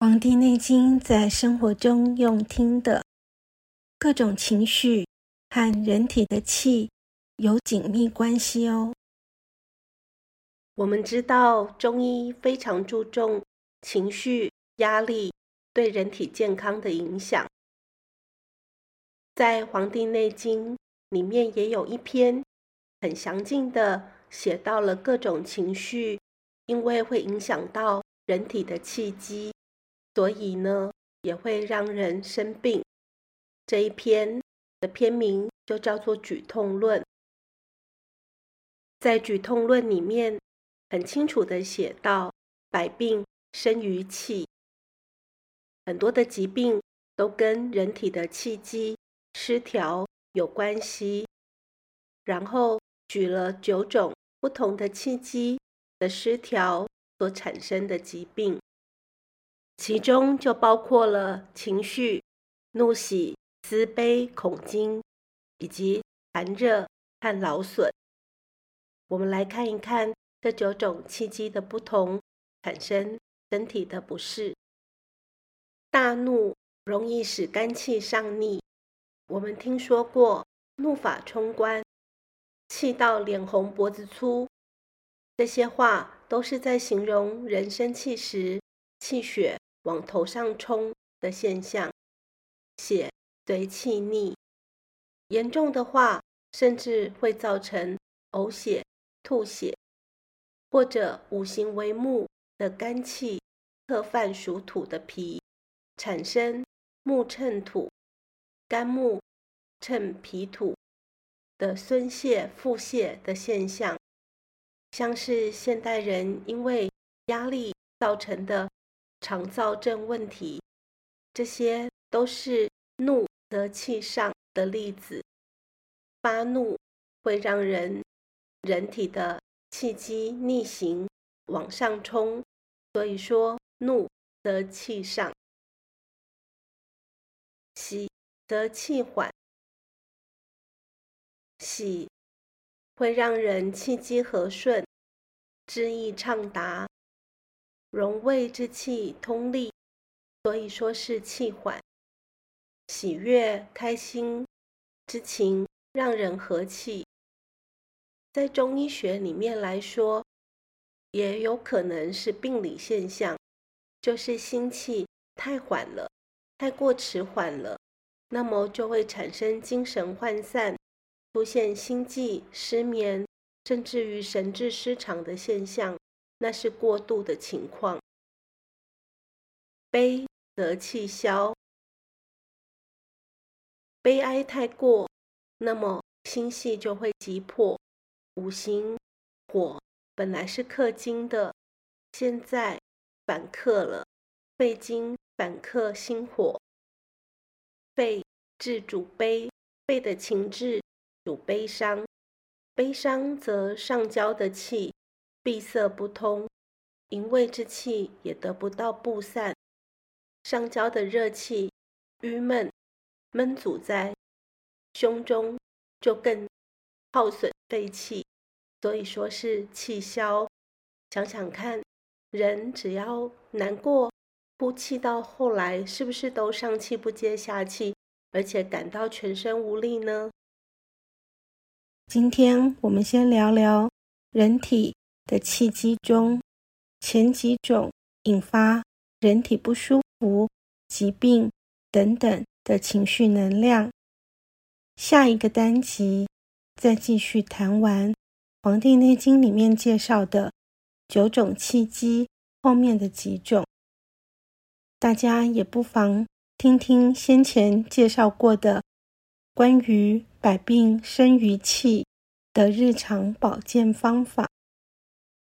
《黃帝內經》在生活中用聽的，各種情緒和人體的氣有緊密關係哦。我們知道中醫非常注重情緒、壓力對人體健康的影響，在《黃帝內經》裡面也有一篇很詳盡的寫到了各種情緒，因為會影響到人體的氣機。所以呢，也會讓人生病。這一篇的篇名就叫做《舉痛論》。在《舉痛論》裡面，很清楚地寫到，百病生於氣，很多的疾病都跟人體的氣機失調有關係。然後舉了九種不同的氣機的失調所產生的疾病。其中就包括了情緒、怒、喜、思、悲、恐、驚，以及寒熱和勞損。我們來看一看這九種氣機的不同產生身體的不適。大怒容易使肝氣上逆，我們聽說過“怒髮衝冠”，“氣到臉紅脖子粗”這些話，都是在形容人生氣時氣血。往頭上衝的現象，血隨氣逆，嚴重的話甚至會造成嘔血、吐血，或者五行為木的肝氣克犯屬土的脾，產生木乘土、肝木乘脾土的飧泄腹瀉的現象，像是現代人因為壓力造成的，腸燥症問題，這些都是怒則氣上的例子。發怒會讓人人體的氣機逆行往上衝，所以說怒則氣上。喜則氣緩。喜會讓人氣機和順，志意暢達。榮衛之氣通利，所以說是氣緩、喜悅、開心之情，讓人和氣。在中醫學裡面來說，也有可能是病理現象，就是心氣太緩了，太過遲緩了，那麼就會產生精神渙散，出現心悸、失眠，甚至於神志失常的現象。那是過度的情況，悲則氣消，悲哀太過，那麼心系就會急迫。五行火本來是克金的，現在反克了，肺金反克心火。肺志主悲，悲，肺的情志主悲傷，悲傷則上焦的氣。閉塞不通，營衛之氣也得不到布散，上焦的熱氣鬱悶悶阻在胸中，就更耗損肺氣，所以說是氣消。想想看，人只要難過、呼氣到後來，是不是都上氣不接下氣，而且感到全身無力呢？今天我們先聊聊人體的氣機中，前幾種引發人體不舒服、疾病等等的情緒能量，下一個單集再繼續談完《黃帝內經》裡面介紹的九種氣機後面的幾種，大家也不妨聽聽先前介紹過的關於“百病生於氣”的日常保健方法。